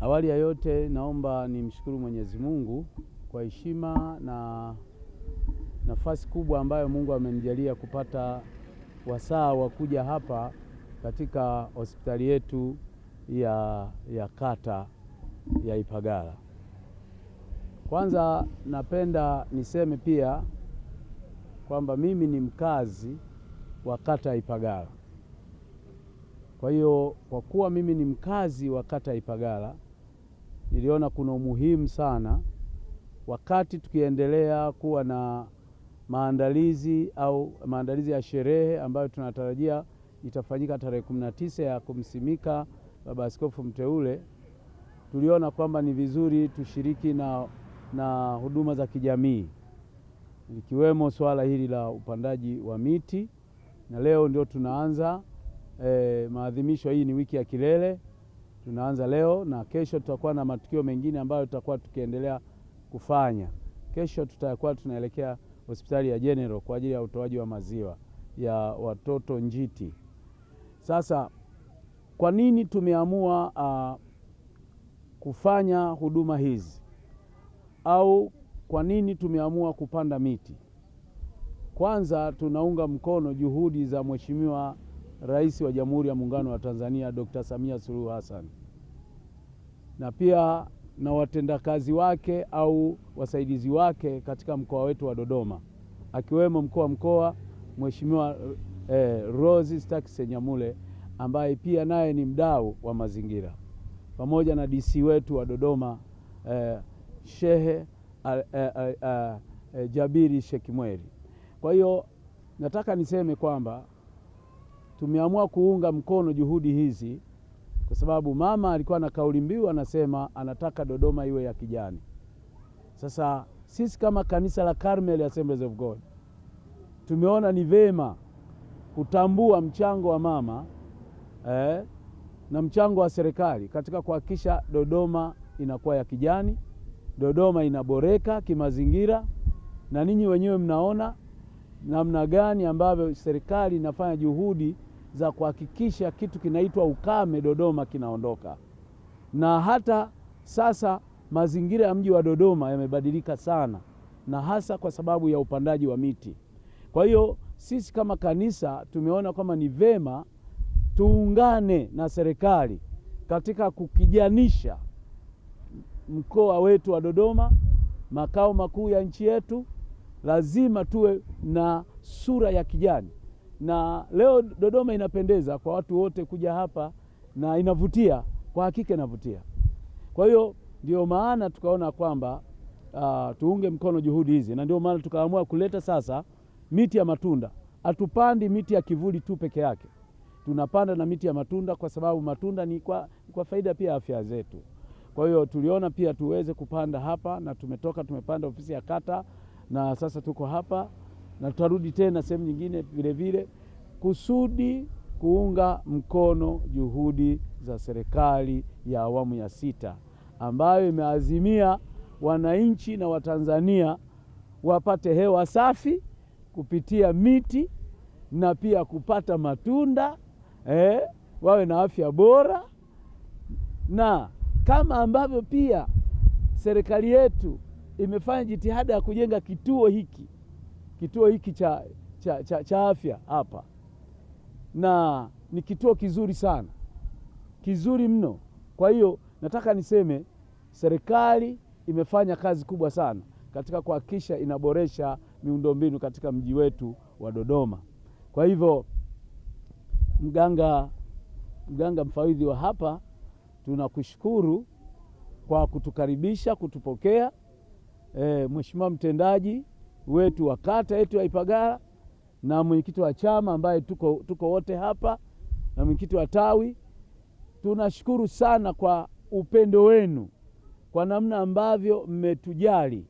Awali ya yote naomba nimshukuru Mwenyezi Mungu kwa heshima na nafasi kubwa ambayo Mungu amenijalia kupata wasaa wa kuja hapa katika hospitali yetu ya, ya kata ya Ipagala. Kwanza napenda niseme pia kwamba mimi ni mkazi wa kata ya Ipagala. Kwa hiyo kwa kuwa mimi ni mkazi wa kata ya Ipagala niliona kuna umuhimu sana wakati tukiendelea kuwa na maandalizi au maandalizi ya sherehe ambayo tunatarajia itafanyika tarehe kumi na tisa ya kumsimika baba askofu mteule, tuliona kwamba ni vizuri tushiriki na, na huduma za kijamii likiwemo swala hili la upandaji wa miti, na leo ndio tunaanza eh, maadhimisho. Hii ni wiki ya kilele tunaanza leo na kesho tutakuwa na matukio mengine ambayo tutakuwa tukiendelea kufanya. Kesho tutakuwa tunaelekea hospitali ya General kwa ajili ya utoaji wa maziwa ya watoto njiti. Sasa kwa nini tumeamua uh, kufanya huduma hizi au kwa nini tumeamua kupanda miti? Kwanza tunaunga mkono juhudi za Mheshimiwa Rais wa Jamhuri ya Muungano wa Tanzania Dr. Samia Suluhu Hassan na pia na watendakazi wake au wasaidizi wake katika mkoa wetu wa Dodoma akiwemo mkuu wa mkoa Mheshimiwa eh, Rose Staki Senyamule ambaye pia naye ni mdau wa mazingira pamoja na DC wetu wa Dodoma eh, Shehe eh, eh, eh, Jabiri Shekimweri. Kwa hiyo nataka niseme kwamba tumeamua kuunga mkono juhudi hizi kwa sababu mama alikuwa na kauli mbiu anasema anataka Dodoma iwe ya kijani. Sasa sisi kama kanisa la Carmel Assemblies of God tumeona ni vema kutambua mchango wa mama eh, na mchango wa serikali katika kuhakikisha Dodoma inakuwa ya kijani, Dodoma inaboreka kimazingira, na ninyi wenyewe mnaona namna gani ambavyo serikali inafanya juhudi za kuhakikisha kitu kinaitwa ukame Dodoma kinaondoka. Na hata sasa mazingira ya mji wa Dodoma yamebadilika sana, na hasa kwa sababu ya upandaji wa miti. Kwa hiyo sisi kama kanisa tumeona kwamba ni vema tuungane na serikali katika kukijanisha mkoa wetu wa Dodoma, makao makuu ya nchi yetu. Lazima tuwe na sura ya kijani na leo Dodoma inapendeza kwa watu wote kuja hapa na inavutia, kwa hakika inavutia. Kwa hiyo ndio maana tukaona kwamba uh, tuunge mkono juhudi hizi, na ndio maana tukaamua kuleta sasa miti ya matunda. Hatupandi miti ya kivuli tu peke yake, tunapanda na miti ya matunda, kwa sababu matunda ni kwa, kwa faida pia afya zetu. Kwa hiyo tuliona pia tuweze kupanda hapa, na tumetoka tumepanda ofisi ya kata, na sasa tuko hapa na tutarudi tena sehemu nyingine vile vile kusudi kuunga mkono juhudi za serikali ya awamu ya sita ambayo imeazimia wananchi na Watanzania wapate hewa safi kupitia miti na pia kupata matunda eh, wawe na afya bora, na kama ambavyo pia serikali yetu imefanya jitihada ya kujenga kituo hiki kituo hiki cha, cha, cha, cha afya hapa, na ni kituo kizuri sana, kizuri mno. Kwa hiyo nataka niseme serikali imefanya kazi kubwa sana katika kuhakikisha inaboresha miundombinu katika mji wetu wa Dodoma. Kwa hivyo mganga, mganga mfawidhi wa hapa, tunakushukuru kwa kutukaribisha, kutupokea. E, mheshimiwa mtendaji wetu wa kata yetu ya Ipagala na mwenyekiti wa chama ambaye tuko, tuko wote hapa na mwenyekiti wa tawi. Tunashukuru sana kwa upendo wenu, kwa namna ambavyo mmetujali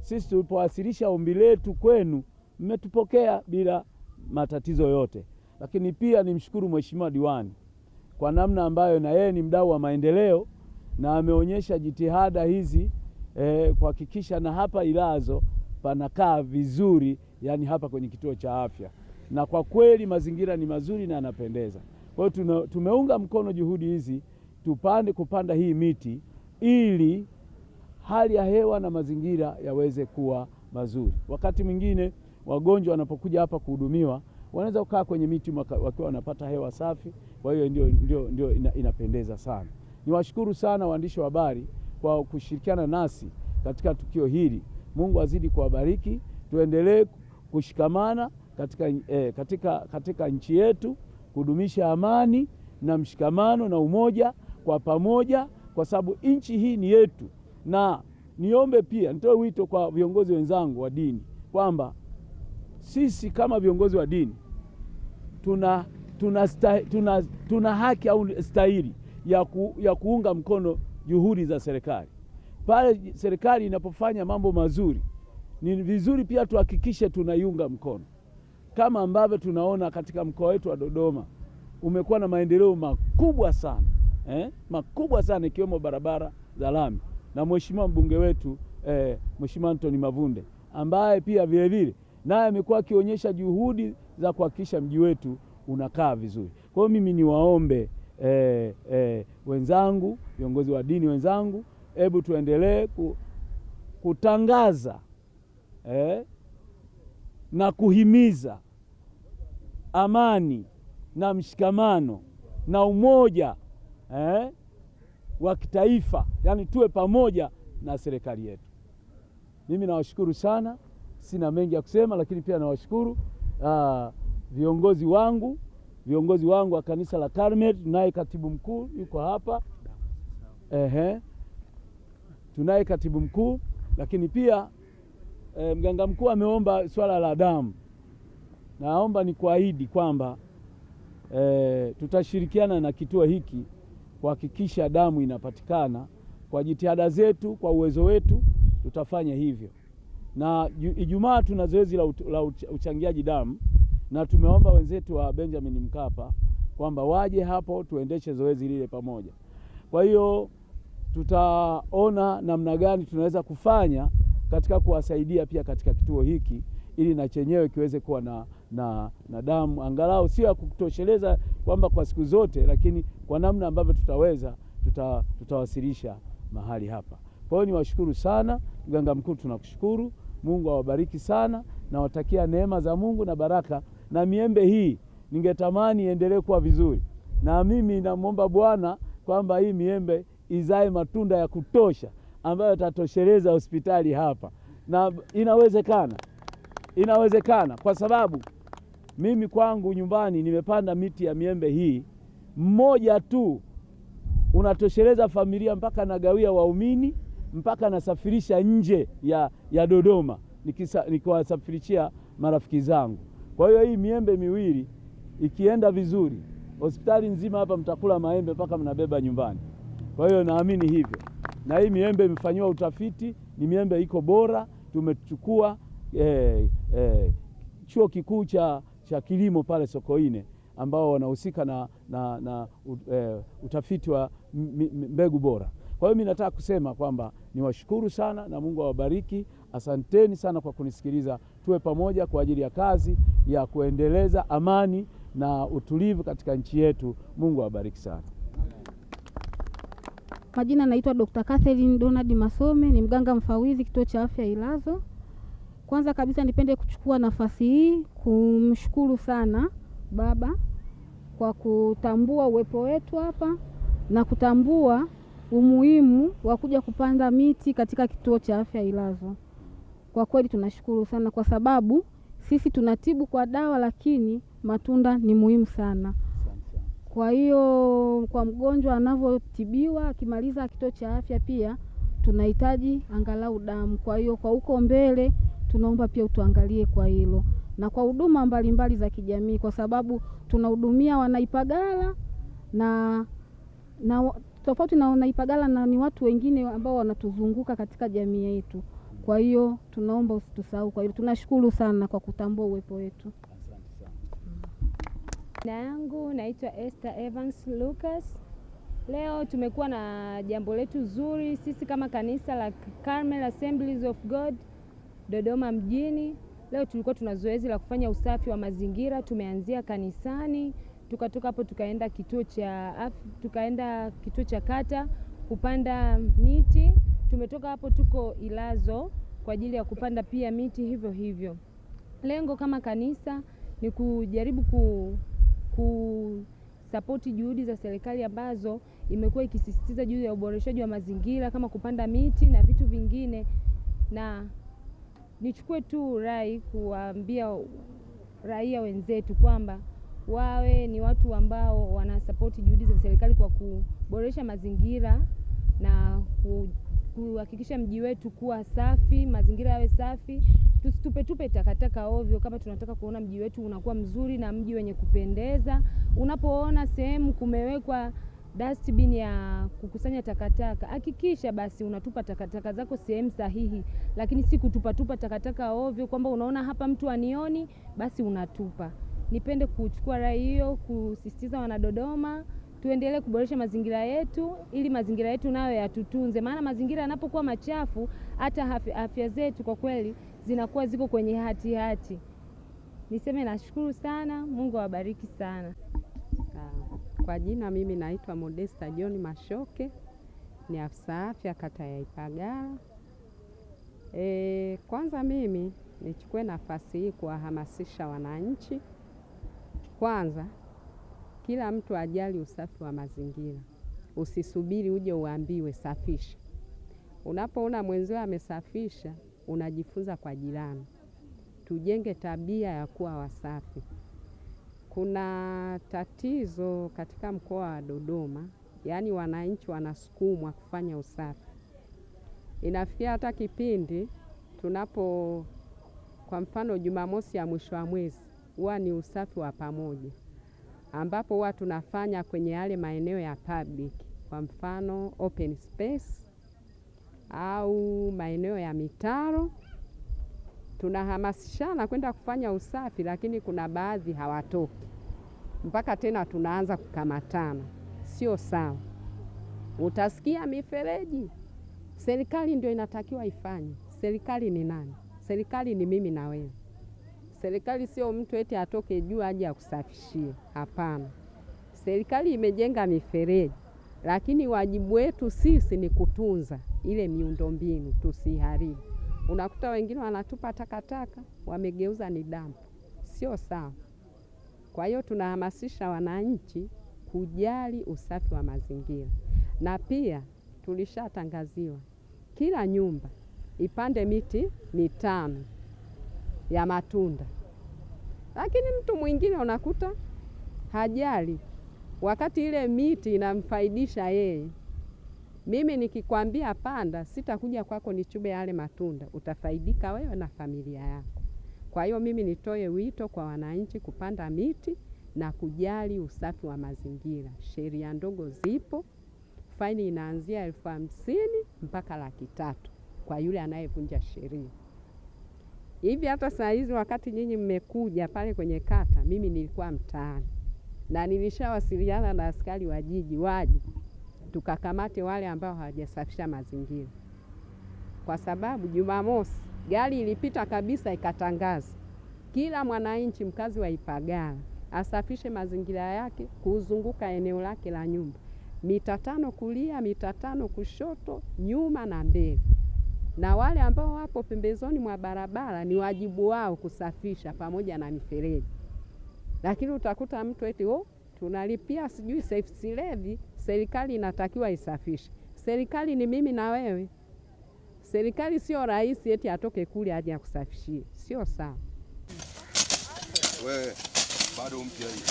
sisi tulipowasilisha ombi letu kwenu, mmetupokea bila matatizo yote. Lakini pia nimshukuru mheshimiwa diwani kwa namna ambayo na yeye ni mdau wa maendeleo na ameonyesha jitihada hizi eh, kuhakikisha na hapa Ilazo panakaa vizuri, yani hapa kwenye kituo cha afya, na kwa kweli mazingira ni mazuri na yanapendeza. Kwa hiyo tumeunga mkono juhudi hizi tupande kupanda hii miti ili hali ya hewa na mazingira yaweze kuwa mazuri. Wakati mwingine wagonjwa wanapokuja hapa kuhudumiwa wanaweza kukaa kwenye miti wakiwa wanapata hewa safi, kwa hiyo ndio, ndio, ndio ina, inapendeza sana. Niwashukuru sana waandishi wa habari kwa kushirikiana nasi katika tukio hili. Mungu azidi kuwabariki, tuendelee kushikamana katika, eh, katika, katika nchi yetu kudumisha amani na mshikamano na umoja kwa pamoja, kwa sababu nchi hii ni yetu. Na niombe pia, nitoe wito kwa viongozi wenzangu wa dini kwamba sisi kama viongozi wa dini tuna, tuna, tuna, tuna haki au stahili ya, ku, ya kuunga mkono juhudi za serikali pale serikali inapofanya mambo mazuri, ni vizuri pia tuhakikishe tunaiunga mkono, kama ambavyo tunaona katika mkoa wetu wa Dodoma umekuwa na maendeleo makubwa sana eh, makubwa sana ikiwemo barabara za lami na mheshimiwa mbunge wetu eh, mheshimiwa Anthony Mavunde ambaye pia vilevile naye amekuwa akionyesha juhudi za kuhakikisha mji wetu unakaa vizuri. Kwa hiyo mimi niwaombe eh, eh, wenzangu viongozi wa dini wenzangu hebu tuendelee kutangaza eh, na kuhimiza amani na mshikamano na umoja eh, wa kitaifa, yaani tuwe pamoja na serikali yetu. Mimi nawashukuru sana, sina mengi ya kusema, lakini pia nawashukuru uh, viongozi wangu viongozi wangu wa kanisa la Karmel, naye katibu mkuu yuko hapa ehe tunaye katibu mkuu, lakini pia e, mganga mkuu ameomba swala la damu. Naomba nikuahidi kwamba e, tutashirikiana na kituo hiki kuhakikisha damu inapatikana kwa jitihada zetu, kwa uwezo wetu tutafanya hivyo, na Ijumaa tuna zoezi la, la uchangiaji damu, na tumeomba wenzetu wa Benjamin Mkapa kwamba waje hapo tuendeshe zoezi lile pamoja. Kwa hiyo tutaona namna gani tunaweza kufanya katika kuwasaidia pia katika kituo hiki ili na chenyewe kiweze kuwa na, na, na damu angalau sio ya kutosheleza kwamba kwa siku zote, lakini kwa namna ambavyo tutaweza tuta, tutawasilisha mahali hapa. Kwa hiyo niwashukuru sana mganga mkuu, tunakushukuru. Mungu awabariki sana, nawatakia neema za Mungu na baraka, na miembe hii ningetamani iendelee kuwa vizuri, na mimi namwomba Bwana kwamba hii miembe izae matunda ya kutosha ambayo yatatosheleza hospitali hapa, na inawezekana, inawezekana kwa sababu mimi kwangu nyumbani nimepanda miti ya miembe hii mmoja tu unatosheleza familia mpaka nagawia waumini mpaka nasafirisha nje ya, ya Dodoma nikiwasafirishia marafiki zangu. Kwa hiyo hii miembe miwili ikienda vizuri, hospitali nzima hapa mtakula maembe mpaka mnabeba nyumbani. Kwa hiyo naamini hivyo, na hii miembe imefanyiwa utafiti, ni miembe iko bora. Tumechukua eh, eh, chuo kikuu cha, cha kilimo pale Sokoine ambao wanahusika na, na, na uh, utafiti wa mbegu bora. Kwa hiyo mimi nataka kusema kwamba niwashukuru sana na Mungu awabariki. Asanteni sana kwa kunisikiliza. Tuwe pamoja kwa ajili ya kazi ya kuendeleza amani na utulivu katika nchi yetu. Mungu awabariki sana. Majina naitwa Dr. Catherine Donald Masome, ni mganga mfawidhi kituo cha afya Ilazo. Kwanza kabisa nipende kuchukua nafasi hii kumshukuru sana baba kwa kutambua uwepo wetu hapa na kutambua umuhimu wa kuja kupanda miti katika kituo cha afya Ilazo. Kwa kweli tunashukuru sana kwa sababu sisi tunatibu kwa dawa, lakini matunda ni muhimu sana. Kwa hiyo kwa mgonjwa anavyotibiwa akimaliza kituo cha afya, pia tunahitaji angalau damu. Kwa hiyo kwa huko mbele tunaomba pia utuangalie kwa hilo na kwa huduma mbalimbali za kijamii, kwa sababu tunahudumia Wanaipagala na na tofauti na Wanaipagala na ni watu wengine ambao wanatuzunguka katika jamii yetu. Kwa hiyo tunaomba usitusahau kwa hiyo Tunashukuru sana kwa kutambua uwepo wetu. Jina yangu naitwa Esther Evans Lucas. Leo tumekuwa na jambo letu zuri sisi kama kanisa la Carmel Assemblies of God Dodoma mjini. Leo tulikuwa tuna zoezi la kufanya usafi wa mazingira, tumeanzia kanisani, tukatoka hapo tukaenda kituo cha tukaenda kituo cha kata kupanda miti. Tumetoka hapo tuko Ilazo kwa ajili ya kupanda pia miti hivyo hivyo. Lengo kama kanisa ni kujaribu ku kusapoti juhudi za serikali ambazo imekuwa ikisisitiza juu ya uboreshaji wa mazingira kama kupanda miti na vitu vingine, na nichukue tu rai kuwaambia raia wenzetu kwamba wawe ni watu ambao wanasapoti juhudi za serikali kwa kuboresha mazingira na kuhakikisha mji wetu kuwa safi, mazingira yawe safi. Tusitupetupe takataka ovyo, kama tunataka kuona mji wetu unakuwa mzuri na mji wenye kupendeza. Unapoona sehemu kumewekwa dustbin ya kukusanya takataka, hakikisha basi unatupa takataka zako sehemu sahihi, lakini si kutupatupa takataka ovyo, kwamba unaona hapa mtu anioni, basi unatupa. Nipende kuchukua rai hiyo kusisitiza Wanadodoma tuendelee kuboresha mazingira yetu ili mazingira yetu nayo yatutunze, maana mazingira yanapokuwa machafu hata afya zetu kwa kweli zinakuwa ziko kwenye hatihati hati. Niseme nashukuru sana, Mungu awabariki sana. Kwa jina mimi naitwa Modesta John Mashoke, ni afisa afya kata ya Ipagala. E, kwanza mimi nichukue nafasi hii kuwahamasisha wananchi kwanza kila mtu ajali usafi wa mazingira. Usisubiri uje uambiwe safisha. Unapoona mwenzio amesafisha, unajifunza kwa jirani. Tujenge tabia ya kuwa wasafi. Kuna tatizo katika mkoa wa Dodoma, yaani wananchi wanasukumwa kufanya usafi. Inafikia hata kipindi tunapo, kwa mfano Jumamosi ya mwisho wa mwezi huwa ni usafi wa pamoja ambapo huwa tunafanya kwenye yale maeneo ya public, kwa mfano open space au maeneo ya mitaro. Tunahamasishana kwenda kufanya usafi, lakini kuna baadhi hawatoki mpaka tena tunaanza kukamatana. Sio sawa. Utasikia mifereji, serikali ndio inatakiwa ifanye. Serikali ni nani? Serikali ni mimi na wewe. Serikali sio mtu eti atoke juu aje akusafishie, hapana. Serikali imejenga mifereji, lakini wajibu wetu sisi ni kutunza ile miundombinu tusiharibu. Unakuta wengine wanatupa takataka wamegeuza ni dampu sio sawa. Kwa hiyo tunahamasisha wananchi kujali usafi wa mazingira, na pia tulishatangaziwa kila nyumba ipande miti mitano ya matunda. Lakini mtu mwingine unakuta hajali, wakati ile miti inamfaidisha yeye. Mimi nikikwambia panda, sitakuja kwako nichube yale matunda, utafaidika wewe na familia yako. Kwa hiyo mimi nitoe wito kwa wananchi kupanda miti na kujali usafi wa mazingira. Sheria ndogo zipo, faini inaanzia elfu hamsini mpaka laki tatu kwa yule anayevunja sheria hivi. Hata saa hizi wakati nyinyi mmekuja pale kwenye kata, mimi nilikuwa mtaani na nilishawasiliana na askari wa jiji waje tukakamate wale ambao hawajasafisha mazingira, kwa sababu Jumamosi gari ilipita kabisa ikatangaza kila mwananchi mkazi wa Ipagala asafishe mazingira yake kuzunguka eneo lake la nyumba mita tano kulia, mita tano kushoto, nyuma na mbele na wale ambao wapo pembezoni mwa barabara ni wajibu wao kusafisha pamoja na mifereji. Lakini utakuta mtu eti oh, tunalipia sijui safe levy, serikali inatakiwa isafishe. Serikali ni mimi na wewe. Serikali sio rais eti atoke kule aje akusafishie, sio sawa. Wewe bado mpya hii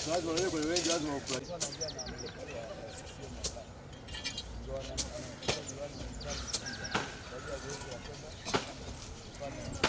Thank you.